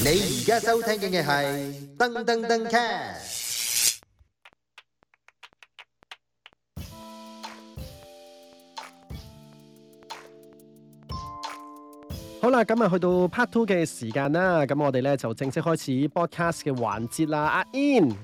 你而家收聽嘅係噔噔噔 cast。好啦，今日去到 part two 嘅時間啦，咁我哋咧就正式開始 broadcast 嘅環節啦。阿 In。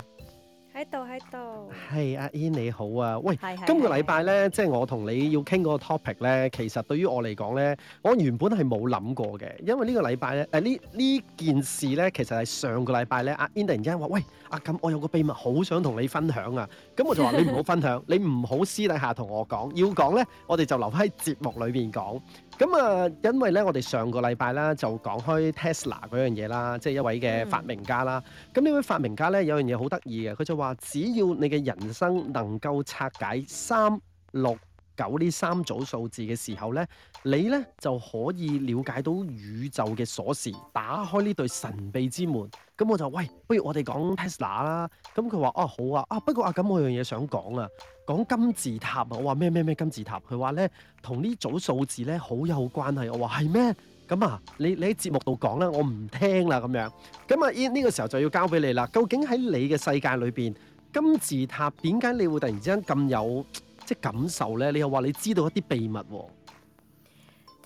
喺度喺度，係阿 In 你好啊，喂，是是是今個禮拜咧，是是是即係我同你要傾嗰個 topic 咧，其實對於我嚟講咧，我原本係冇諗過嘅，因為呢個禮拜咧，誒呢呢件事咧，其實係上個禮拜咧，阿 In 突然之間話喂，阿、啊、咁我有個秘密好想同你分享啊，咁我就話你唔好分享， 你唔好私底下同我講，要講咧，我哋就留返喺節目裏邊講。咁啊，嗯、因為咧，我哋上個禮拜啦，就講開 Tesla 嗰樣嘢啦，即係一位嘅發明家啦。咁、嗯、呢位發明家咧，有樣嘢好得意嘅，佢就話：只要你嘅人生能夠拆解三六九呢三組數字嘅時候呢，你呢就可以了解到宇宙嘅鎖匙，打開呢對神秘之門。咁我就喂，不如我哋講 Tesla 啦。咁佢話啊好啊，啊不過啊咁我有嘢想講啊，講金字塔啊。我話咩咩咩金字塔，佢話呢同呢組數字呢好有關係。我話係咩？咁啊，你你喺節目度講咧，我唔聽啦咁樣。咁啊呢呢個時候就要交俾你啦。究竟喺你嘅世界裏邊，金字塔點解你會突然之間咁有？即係感受咧，你又話你知道一啲秘密喎、哦？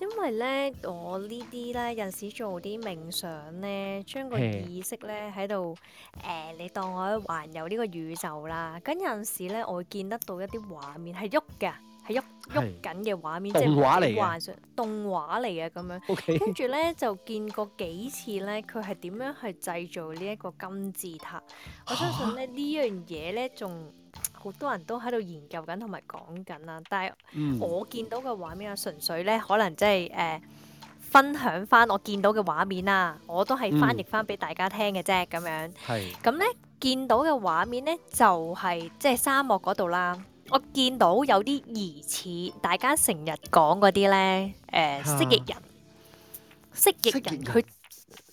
因為咧，我呢啲咧有陣時做啲冥想咧，將個意識咧喺度誒，你當我環遊呢個宇宙啦。咁有陣時咧，我會見得到一啲畫面係喐嘅，係喐喐緊嘅畫面，即動，動，動，動畫嚟幻想動畫嚟嘅咁樣。OK。跟住咧就見過幾次咧，佢係點樣去製造呢一個金字塔？我相信咧呢、啊、樣嘢咧仲。好多人都喺度研究緊同埋講緊啦，但係我見到嘅畫面啊，純粹咧可能即係誒分享翻我見到嘅畫面啦，我都係翻譯翻俾大家聽嘅啫咁樣。係咁咧，見到嘅畫面咧就係、是、即係沙漠嗰度啦。我見到有啲疑似大家成日講嗰啲咧誒適應人、適應人、蜥蜴人、蜥蜴人佢。蜥蜴人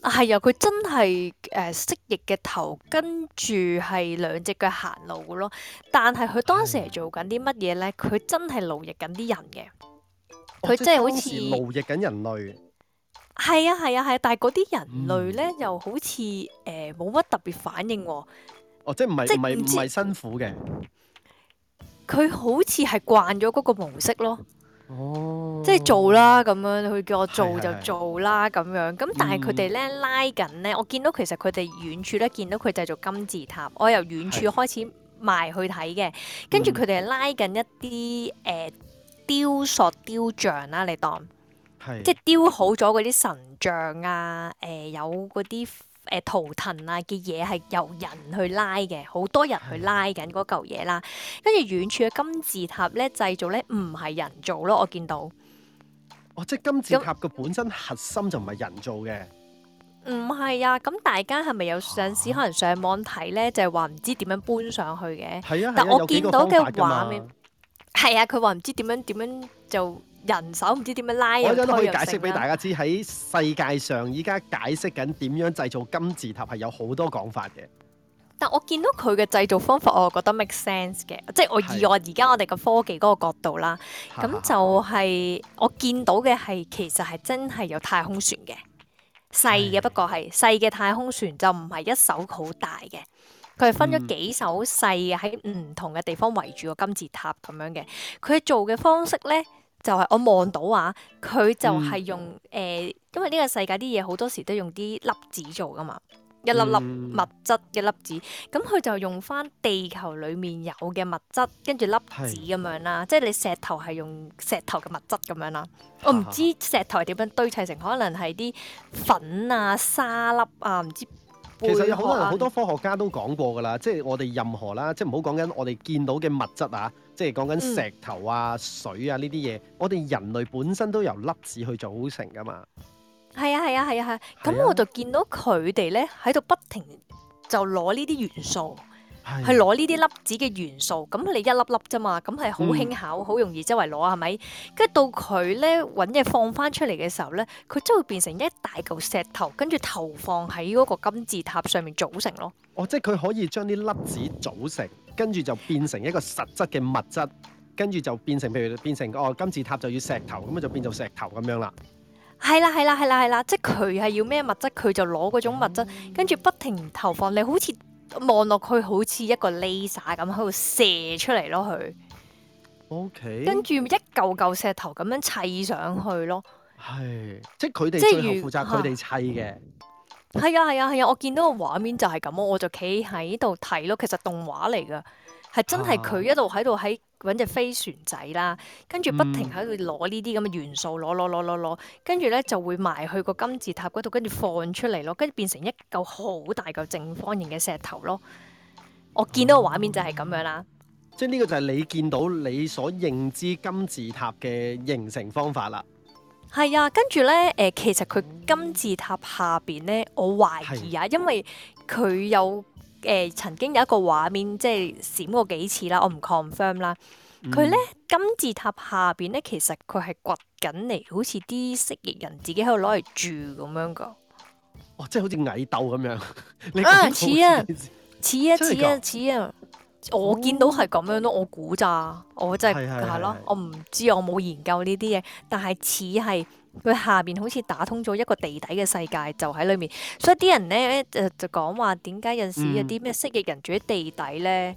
係啊，佢真係誒、呃、蜥蜴嘅頭，跟住係兩隻腳行路嘅咯。但係佢當時係做緊啲乜嘢咧？佢真係奴役緊啲人嘅，佢、哦、真係好似奴役緊人類。係啊係啊係啊，但係嗰啲人類咧、嗯、又好似誒冇乜特別反應。哦，即係唔係唔係唔係辛苦嘅，佢好似係慣咗嗰個模式咯。哦，即係做啦咁樣，佢叫我做就做啦咁 樣。咁但係佢哋咧拉緊咧，我見到其實佢哋遠處咧見到佢就做金字塔。我由遠處開始埋去睇嘅，的跟住佢哋係拉緊一啲誒、呃、雕塑雕像啦，你當的即係雕好咗嗰啲神像啊，誒、呃、有嗰啲。誒、圖騰啊嘅嘢係由人去拉嘅，好多人去拉緊嗰嚿嘢啦。跟住遠處嘅金字塔咧，製造咧唔係人造咯，我見到。哦，即係金字塔嘅本身核心就唔係人造嘅。唔係、嗯、啊，咁、嗯、大家係咪有上市？可能上網睇咧，啊、就係話唔知點樣搬上去嘅？係啊，但我見到嘅畫面係啊，佢話唔知點樣點樣就。人手唔知點樣拉，我依家都可以解釋俾大家知，喺世界上依家解釋緊點樣製造金字塔係有好多講法嘅。但我見到佢嘅製造方法，我覺得 make sense 嘅，即係我以我而家我哋嘅科技嗰個角度啦，咁的就係我見到嘅係其實係真係有太空船嘅細嘅，細不過係細嘅太空船，就唔係一艘好大嘅，佢係分咗幾艘細嘅喺唔同嘅地方圍住個金字塔咁樣嘅。佢做嘅方式咧。就係我望到啊，佢就係用誒、嗯呃，因為呢個世界啲嘢好多時都用啲粒子做噶嘛，一粒粒物質嘅粒子，咁佢、嗯、就用翻地球裡面有嘅物質，跟住粒子咁樣啦，是即係你石頭係用石頭嘅物質咁樣啦。啊、我唔知石頭係點樣堆砌成，可能係啲粉啊、沙粒啊，唔知、啊。其實有好多好多科學家都講過㗎啦，即係我哋任何啦，即係唔好講緊我哋見到嘅物質啊。即係講緊石頭啊、嗯、水啊呢啲嘢，我哋人類本身都由粒子去組成噶嘛。係啊，係啊，係啊，係。咁我就見到佢哋咧，喺度不停就攞呢啲元素，係攞呢啲粒子嘅元素。咁佢哋一粒粒啫嘛，咁係好輕巧，好、嗯、容易周圍攞，係咪？跟住到佢咧揾嘢放翻出嚟嘅時候咧，佢就會變成一大嚿石頭，跟住投放喺嗰個金字塔上面組成咯。哦，即係佢可以將啲粒子組成。跟住就變成一個實質嘅物質，跟住就變成譬如變成哦金字塔就要石頭，咁啊就變做石頭咁樣啦。係啦，係啦，係啦，係啦，啦，啦，即係佢係要咩物質，佢就攞嗰種物質，跟住不停投放，你好似望落去好似一個 laser 咁喺度射出嚟咯，佢。OK。跟住一嚿嚿石頭咁樣砌上去咯。係， 即係佢哋最後負責佢哋砌嘅。係啊，係啊，係啊！我見到個畫面就係咁，我就企喺度睇咯。其實動畫嚟噶，係真係佢一度喺度喺搵隻飛船仔啦，跟住不停喺度攞呢啲咁嘅元素攞攞攞攞攞，跟住咧就會埋去個金字塔嗰度，跟住放出嚟咯，跟住變成一嚿好大嚿正方形嘅石頭咯。我見到個畫面就係咁樣啦。即係呢個就係你見到你所認知金字塔嘅形成方法啦。係啊，跟住咧，誒、呃，其實佢金字塔下邊咧，我懷疑啊，是因為佢有誒、呃、曾經有一個畫面，即係閃過幾次啦，我唔 confirm 啦。佢咧、嗯、金字塔下邊咧，其實佢係掘緊嚟，好似啲蜥蜴人自己喺度攞嚟住咁樣噶。哇、哦！即係好似蟻竇咁樣。 你說得 啊，似啊，似啊，似啊，似啊。我見到係咁樣咯，我估咋，我真係係咯，我唔知，我冇研究呢啲嘢，但係似係佢下邊好似打通咗一個地底嘅世界，就喺裏面，所以啲人咧誒、呃、就講話點解有時有啲咩蜥蜴人住喺地底咧，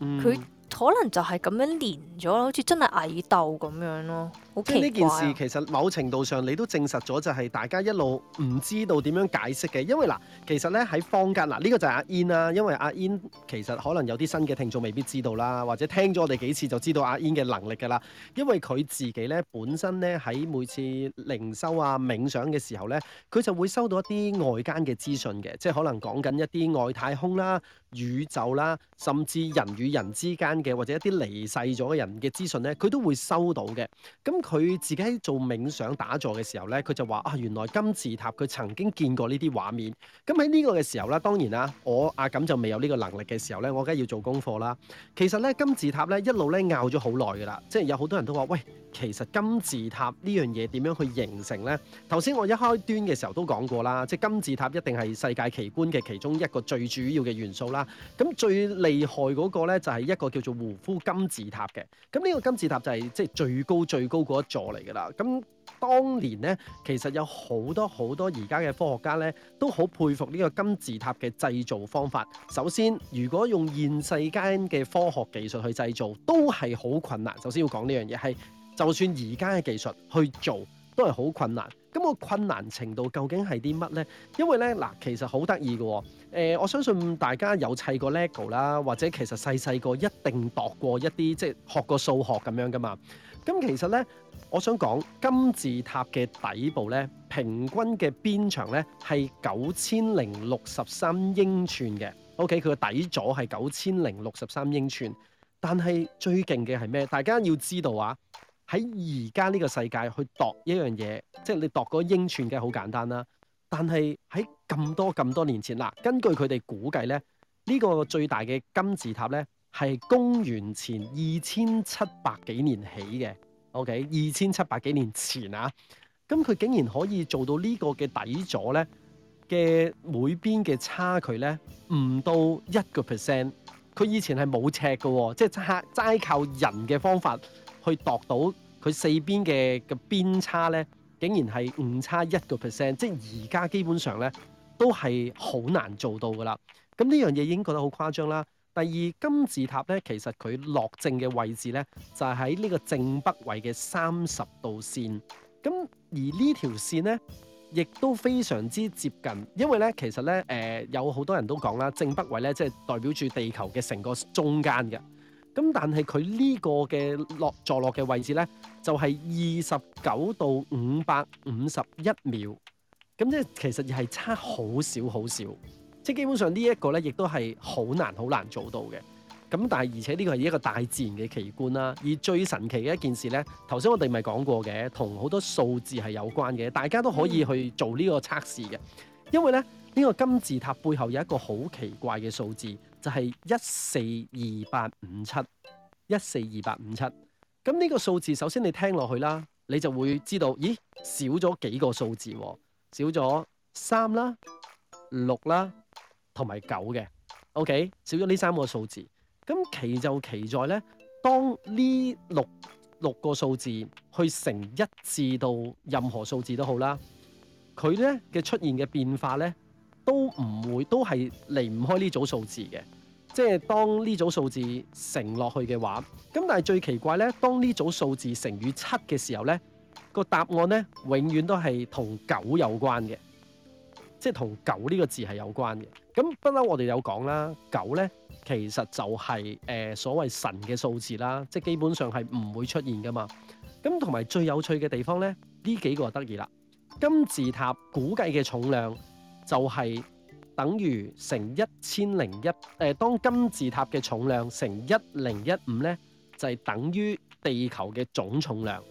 佢、嗯、可能就係咁樣連咗，好似真係蟻竇咁樣咯。即呢件事其實某程度上你都證實咗，就係大家一路唔知道點樣解釋嘅。因為嗱，其實咧喺坊間嗱呢個就係阿 In 啦。因為阿 In 其實可能有啲新嘅聽眾未必知道啦，或者聽咗我哋幾次就知道阿 In 嘅能力噶啦。因為佢自己咧本身咧喺每次靈修啊冥想嘅時候咧，佢就會收到一啲外間嘅資訊嘅，即係可能講緊一啲外太空啦、宇宙啦，甚至人與人之間嘅或者一啲離世咗嘅人嘅資訊咧，佢都會收到嘅。咁。佢自己喺做冥想打坐嘅時候咧，佢就話啊，原來金字塔佢曾經見過呢啲畫面。咁喺呢個嘅時候咧，當然啦、啊，我阿錦、啊、就未有呢個能力嘅時候咧，我梗係要做功課啦。其實咧，金字塔咧一路咧拗咗好耐噶啦，即係有好多人都話喂，其實金字塔呢樣嘢點樣去形成咧？頭先我一開端嘅時候都講過啦，即係金字塔一定係世界奇觀嘅其中一個最主要嘅元素啦。咁最厲害嗰個咧就係、是、一個叫做胡夫金字塔嘅。咁呢個金字塔就係、是、即係最高最高。嗰一座嚟噶啦，咁當年咧，其實有好多好多而家嘅科學家咧，都好佩服呢個金字塔嘅製造方法。首先，如果用現世間嘅科學技術去製造，都係好困難。首先要講呢樣嘢係，就算而家嘅技術去做，都係好困難。咁個困難程度究竟係啲乜咧？因為咧嗱，其實好得意嘅，誒、呃，我相信大家有砌過 LEGO 啦，或者其實細細個一定度過一啲，即係學過數學咁樣噶嘛。咁其實咧，我想講金字塔嘅底部咧，平均嘅邊長咧係九千零六十三英寸嘅。OK，佢個底座係九千零六十三英寸。但係最勁嘅係咩？大家要知道啊，喺而家呢個世界去度一樣嘢，即係你度個英寸嘅好簡單啦。但係喺咁多咁多年前啦、啊，根據佢哋估計咧，呢個最大嘅金字塔咧，係公元前二千七百幾年起嘅，OK，二千七百幾年前啊，咁佢竟然可以做到呢個嘅底座咧嘅每邊嘅差距咧，唔到一個 percent。佢以前係冇尺嘅喎、哦，即係齋靠人嘅方法去度到佢四邊嘅嘅邊差咧，竟然係誤差一個 percent。即係而家基本上咧都係好難做到噶啦。咁呢樣嘢已經覺得好誇張啦。第二金字塔咧，其實佢落正嘅位置咧，就係喺呢個正北位嘅三十度線。咁而呢條線咧，亦都非常之接近，因為咧其實咧誒、呃、有好多人都講啦，正北位咧即係代表住地球嘅成個中間嘅。咁但係佢呢個嘅落座落嘅位置咧，就係二十九度五百五十一秒。咁即係其實亦係差好少好少。即基本上呢一個咧，亦都係好難好難做到嘅。咁但係，而且呢個係一個大自然嘅奇觀啦。而最神奇嘅一件事呢，頭先我哋咪講過嘅，同好多數字係有關嘅。大家都可以去做呢個測試嘅，因為呢，呢個金字塔背後有一個好奇怪嘅數字，就係一四二八五七一四二八五七。咁呢個數字，首先你聽落去啦，你就會知道，咦，少咗幾個數字？少咗三啦，六啦，同埋九嘅，OK，少咗呢三個數字。咁奇就奇在咧，當呢六六個數字去乘一至到任何數字都好啦，佢咧嘅出現嘅變化咧都唔會都係離唔開呢組數字嘅。即係當呢組數字乘落去嘅話，咁但係最奇怪咧，當呢組數字乘以七嘅時候咧，個答案咧永遠都係同九有關嘅。即係同九呢個字係有關嘅。咁不嬲，我哋有講啦，九咧其實就係、是、誒、呃、所謂神嘅數字啦，即係基本上係唔會出現噶嘛。咁同埋最有趣嘅地方咧，呢幾個就得意啦。金字塔估計嘅重量就係等於乘一千零一誒，當金字塔嘅重量乘一零一五咧，就係、是、等於地球嘅總重量。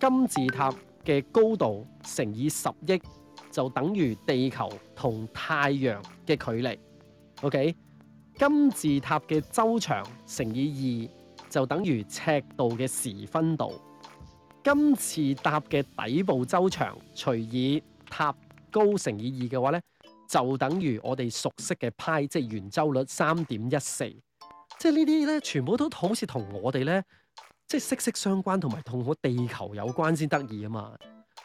金字塔嘅高度乘以十億。就等於地球同太陽嘅距離。OK，金字塔嘅周長乘以二，就等於赤道嘅時分度。金字塔嘅底部周長除以塔高乘以二嘅話咧，就等於我哋熟悉嘅派，即係圓周率三點一四。即係呢啲咧，全部都好似同我哋咧，即係息息相關，同埋同我地球有關先得意啊嘛。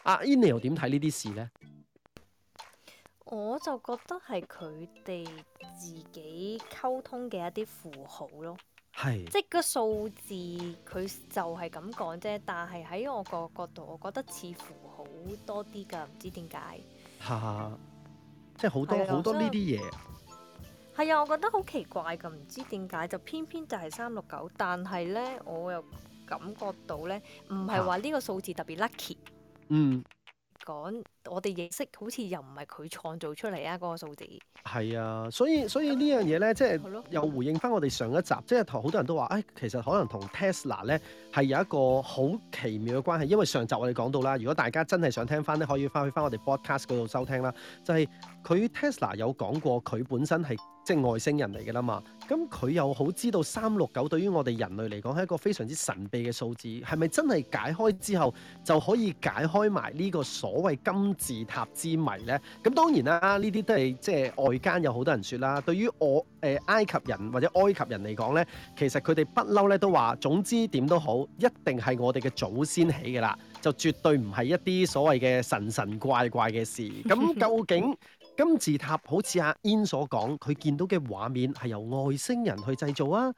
阿 In 又點睇呢啲事咧？我就覺得係佢哋自己溝通嘅一啲符號咯，係是即個數字佢就係咁講啫，但係喺我個角度，我覺得似符號多啲噶，唔知點解。嚇！即好多好的多呢啲嘢。係啊，我覺得好奇怪噶，唔知點解就偏偏就係三六九，但係咧，我又感覺到咧，唔係話呢個數字特別 lucky。啊。嗯。講我哋認識好似又唔係佢創造出嚟啊！嗰個數字係啊，所以所以呢樣嘢咧，即係又回應翻我哋上一集，即係同好多人都話，誒、哎、其實可能同 Tesla 咧係有一個好奇妙嘅關係，因為上集我哋講到啦。如果大家真係想聽翻咧，可以翻去翻我哋 Podcast 嗰度收聽啦。就係佢 Tesla 有講過，佢本身係。即外星人嚟噶啦嘛，咁佢又好知道三六九對於我哋人類嚟講係一個非常之神秘嘅數字，係咪真係解開之後就可以解開埋呢個所謂金字塔之謎咧？咁當然啦，啊呢啲都係即係外間有好多人說啦。對於我誒、呃、埃及人或者埃及人嚟講咧，其實佢哋不嬲咧都話，總之點都好，一定係我哋嘅祖先起噶啦，就絕對唔係一啲所謂嘅神神怪怪嘅事。咁究竟？金字塔好似阿 i n 所講，佢見到嘅畫面係由外星人去製造啊，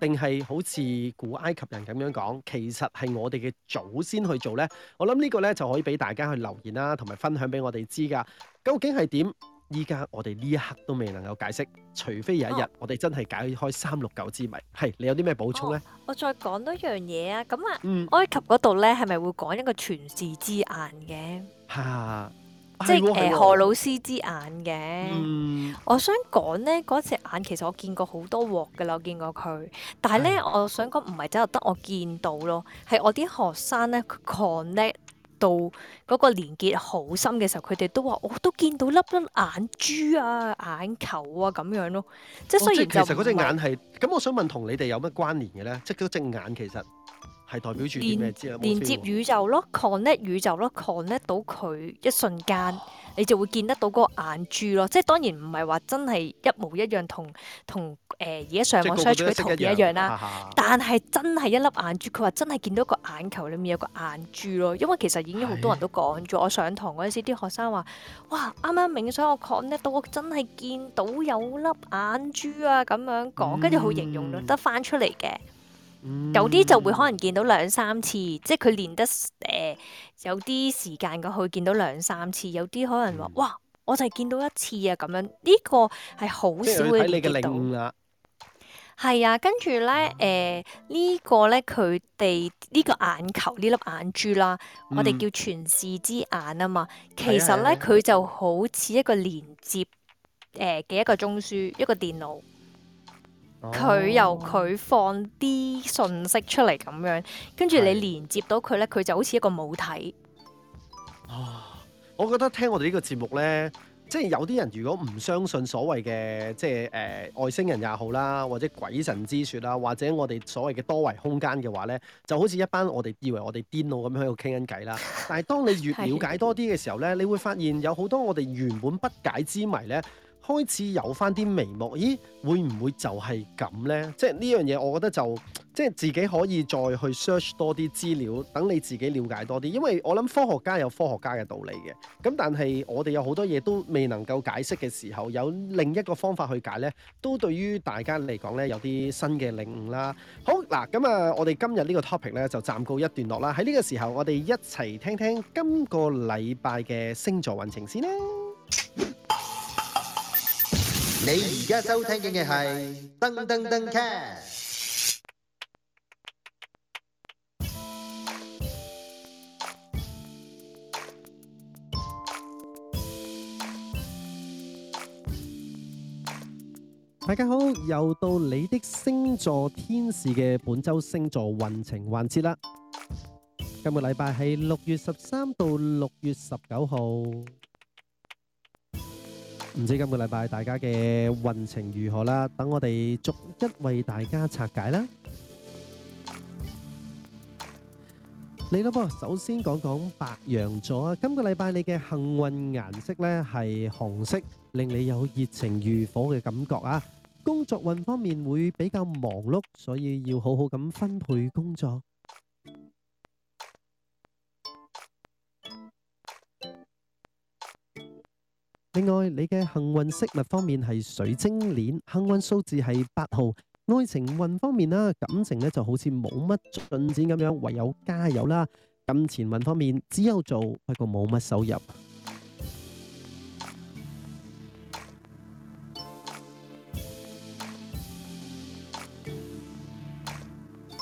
定係好似古埃及人咁樣講，其實係我哋嘅祖先去做呢。我諗呢個呢，就可以俾大家去留言啦、啊，同埋分享俾我哋知噶。究竟係點？依家我哋呢一刻都未能夠解釋，除非有一日、哦、我哋真係解開三六九之謎。係，你有啲咩補充呢？哦、我再講多樣嘢啊！咁啊，埃及嗰度呢，係咪會講一個傳世之眼嘅？係即係何老師之眼嘅、嗯，我想講呢，嗰隻眼其實我見過好多鑊嘅啦，我見過佢，但係呢，哎、喲我想講唔係真係得我見到咯，係我啲學生咧 connect 到嗰個連結好深嘅時候，佢哋都話我都見到粒粒眼珠啊、眼球啊咁樣咯，即係雖然、哦、其實嗰隻眼係，咁是我想問同你哋有乜關聯嘅呢？即係嗰隻眼其實。係代表住連接宇宙咯，connect 宇宙咯，connect 到佢一瞬間，你就會見得到個眼珠咯。即係當然唔係話真係一模一樣同同誒而家上網 search 嘅圖一樣啦。但係真係一粒眼珠，佢話真係見到個眼球裏面有個眼珠咯。因為其實已經好多人都講咗，我上堂嗰陣時，啲學生話：哇，啱啱冥想我 connect 到，我真係見到有粒眼珠啊！咁樣講，跟住好形容得，得翻出嚟嘅。有啲就會可能見到兩三次，即係佢練得誒、呃、有啲時間過去見到兩三次，有啲可能話：嗯、哇，我就係見到一次啊咁樣。呢、這個係好少嘅密度。係啊，跟住咧誒，呃這個、呢、這個咧佢哋呢、這個眼球呢粒、這個、眼珠啦，嗯、我哋叫全視之眼啊嘛。其實咧佢是就好似一個連接誒嘅一個中樞，一個電腦。佢、哦、由佢放啲信息出嚟咁樣，跟住你連接到佢呢，佢的就好似一個母體，哦。我覺得聽我哋呢個節目呢，即係有啲人如果唔相信所謂嘅即係誒、呃、外星人也好啦，或者鬼神之説啦，或者我哋所謂嘅多維空間嘅話呢，就好似一班我哋以為我哋癲佬咁樣喺度傾緊偈啦。 但係當你越了解多啲嘅時候呢，的你會發現有好多我哋原本不解之謎呢。開始有翻啲眉目，咦？會唔會就係咁呢？即係呢樣嘢，我覺得就即係自己可以再去 search 多啲資料，等你自己了解多啲。因為我諗科學家有科學家嘅道理嘅，咁但係我哋有好多嘢都未能夠解釋嘅時候，有另一個方法去解呢，都對於大家嚟講呢，有啲新嘅領悟啦。好嗱，咁啊，我哋今日呢個 topic 呢，就暫告一段落啦。喺呢個時候，我哋一齊聽聽今個禮拜嘅星座運程先啦。你而家收聽嘅係噔噔噔 c 大家好，又到你的星座天使嘅本周星座運程環節啦。今個禮拜係六月十三到六月十九號。唔知今個禮拜大家嘅運程如何啦？等我哋逐一為大家拆解啦。你咯噃，首先講講白羊座啊！今個禮拜你嘅幸運顏色呢係紅色，令你有熱情如火嘅感覺啊！工作運方面會比較忙碌，所以要好好咁分配工作。另外，你嘅幸運飾物方面係水晶鏈，幸運數字係八號。愛情運方面啦，感情咧就好似冇乜進展咁樣，唯有加油啦。金錢運方面只有做，不過冇乜收入。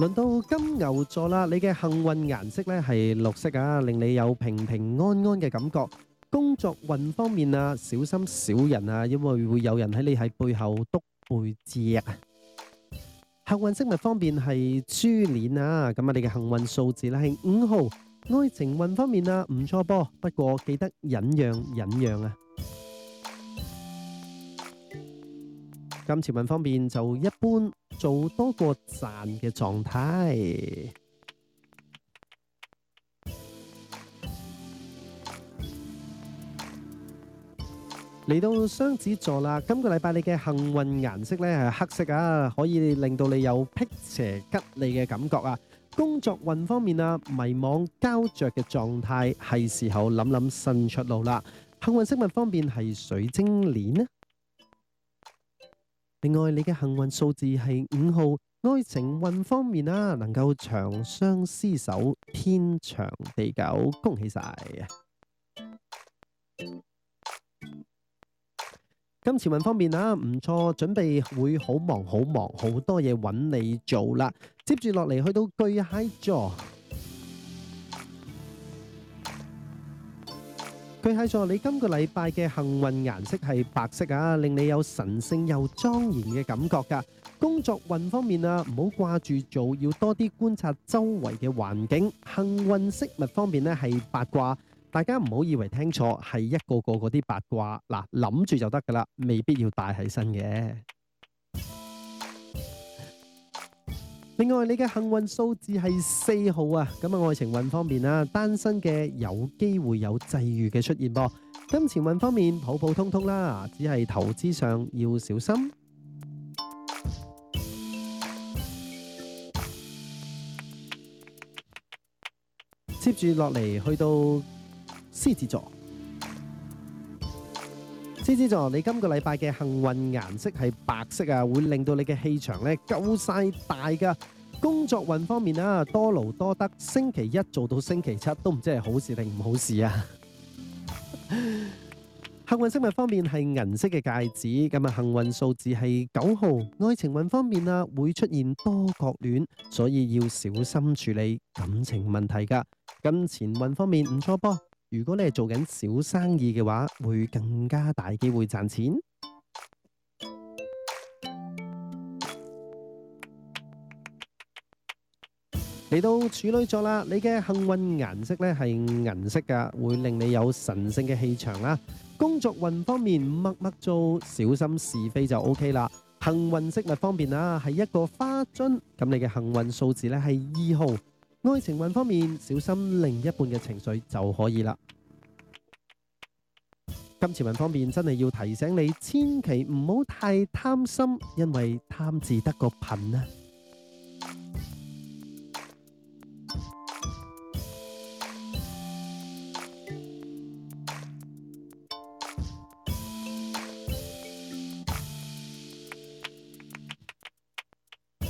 輪到金牛座啦，你嘅幸運顏色咧係綠色啊，令你有平平安安嘅感覺。工作運方面啊，小心小人啊，因為會有人喺你喺背後督背脊啊。幸運飾物方面係珠鏈啊，咁我哋嘅幸運數字咧係五號。愛情運方面啊，唔錯噃，不過記得忍讓忍讓啊。金錢運方面就一般，做多過賺嘅狀態。嚟到雙子座啦，今個禮拜你嘅幸運顏色咧係黑色啊，可以令到你有辟邪吉利嘅感覺啊。工作運方面啊，迷惘膠着嘅狀態係時候諗諗新出路啦。幸運飾物方面係水晶鏈啊。另外，你嘅幸運數字係五號。愛情運方面啊，能夠長相厮守，天長地久，恭喜曬！今次運方面啊，唔錯，準備會好忙好忙，好多嘢揾你做啦。接住落嚟去到巨蟹座，巨蟹座你今個禮拜嘅幸運顏色係白色啊，令你有神聖又莊嚴嘅感覺㗎。工作運方面啊，唔好掛住做，要多啲觀察周圍嘅環境。幸運飾物方面呢係八卦。大家唔好以為聽錯，係一個個嗰啲八卦嗱，啊，諗住就得噶啦，未必要帶喺身嘅。另外，你嘅幸運數字係四號啊。咁啊，愛情運方面啊，單身嘅有機會有際遇嘅出現噃。金錢運方面普普通通啦，只係投資上要小心。接住落嚟去到。獅子座，獅子座，你今個禮拜嘅幸運顏色係白色啊，會令到你嘅氣場呢夠晒大噶。工作運方面啊，多勞多得，星期一做到星期七都唔知係好事定唔好事啊。 幸運飾物方面係銀色嘅戒指，咁啊，幸運數字係九號。愛情運方面啊，會出現多角戀，所以要小心處理感情問題噶。金錢運方面唔錯噃。如果你係做緊小生意嘅話，會更加大機會賺錢。嚟到處女座啦，你嘅幸運顏色咧係銀色噶會令你有神聖嘅氣場啦、啊。工作運方面，默默做，小心是非就 OK 啦。幸運飾物方面啊，係一個花樽。咁你嘅幸運數字咧係二號。愛情運方面，小心另一半嘅情緒就可以啦。金錢運方面，真係要提醒你，千祈唔好太貪心，因為貪字得個貧啊！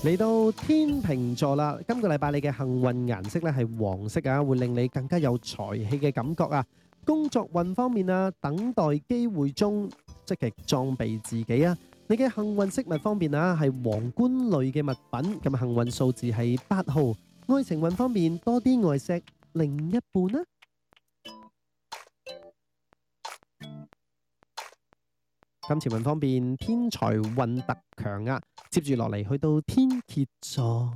嚟到天秤座啦，今個禮拜你嘅幸運顏色咧係黃色啊，會令你更加有財氣嘅感覺啊。工作運方面啊，等待機會中，積極裝備自己啊。你嘅幸運飾物方面啊，係皇冠類嘅物品，咁幸運數字係八號。愛情運方面，多啲外錫，另一半啊。金錢運方面，天才運特強啊！接住落嚟去到天蠍座，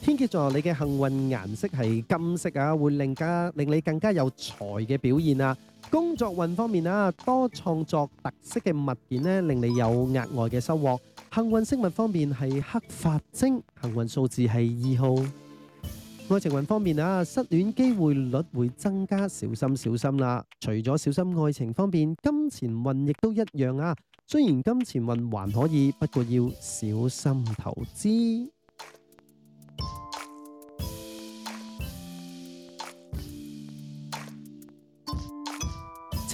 天蠍座你嘅幸運顏色係金色啊，會令加令你更加有財嘅表現啊！工作運方面啊，多創作特色嘅物件呢，令你有額外嘅收穫。幸運飾物方面係黑髮晶，幸運數字係二號。愛情運方面啊，失戀機會率會增加，小心小心啦，啊！除咗小心愛情方面，金錢運亦都一樣啊。雖然金錢運還可以，不過要小心投資。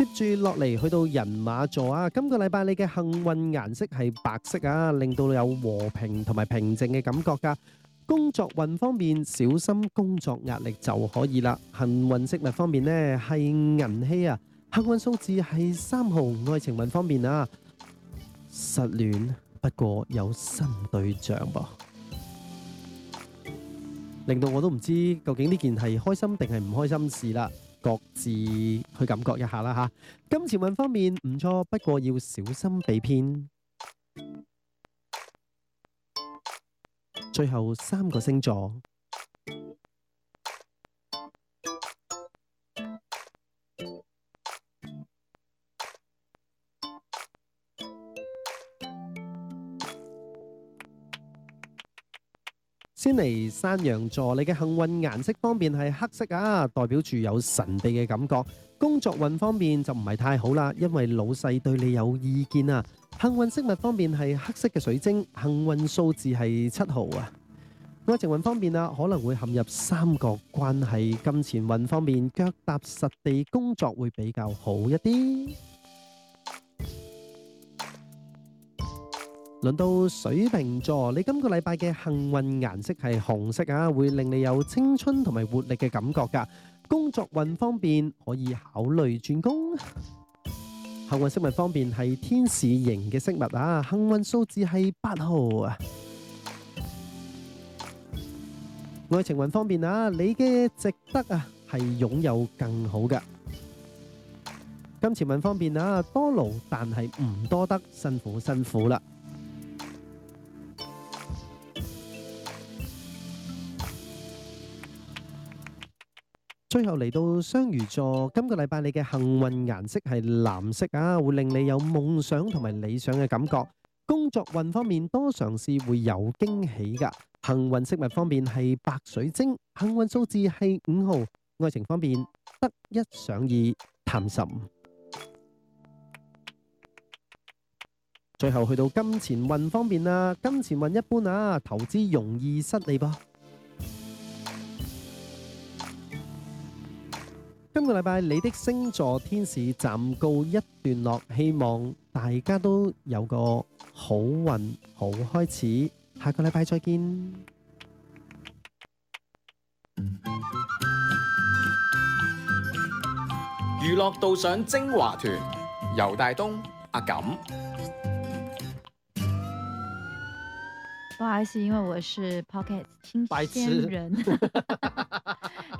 貼住落嚟，去到人馬座啊！今個禮拜你嘅幸運顏色係白色啊，令到你有和平同埋平靜嘅感覺噶。工作運方面，小心工作壓力就可以啦。幸運飾物方面呢係銀器啊，幸運數字係三號。愛情運方面啊，失戀不過有新對象噃，令到我都唔知究竟呢件係開心定係唔開心事啦。各自去感覺一下啦嚇，金錢運方面唔錯，不過要小心被騙。最後三個星座。嚟，山羊座，你嘅幸運顏色方面係黑色啊，代表住有神秘嘅感覺。工作運方面就唔係太好啦，因為老細對你有意見啊。幸運飾物方面係黑色嘅水晶，幸運數字係七號啊。愛情運方面啊，可能會陷入三角關係。金錢運方面，腳踏實地工作會比較好一啲。輪到水瓶座，你今個禮拜嘅幸運顏色係紅色啊，會令你有青春同埋活力嘅感覺噶。工作運方面可以考慮轉工。幸運飾物方面係天使型嘅飾物啊，幸運數字係八號啊。愛情運方面啊，你嘅值得啊係擁有更好噶。金錢運方面啊，多勞但係唔多得，辛苦辛苦啦。最後嚟到雙魚座，今個禮拜你嘅幸運顏色係藍色啊，會令你有夢想同埋理想嘅感覺。工作運方面多嘗試會有驚喜噶。幸運飾物方面係白水晶，幸運數字係五號。愛情方面得一想二貪心。最後去到金錢運方面啊，金錢運一般啊，投資容易失利噃、啊。今個禮拜你的星座天使暫告一段落，希望大家都有個好運好開始。下個禮拜再見。娛樂道上精華團，游大東、阿錦。不好意思，因為我是 pockets 新鮮人。白癡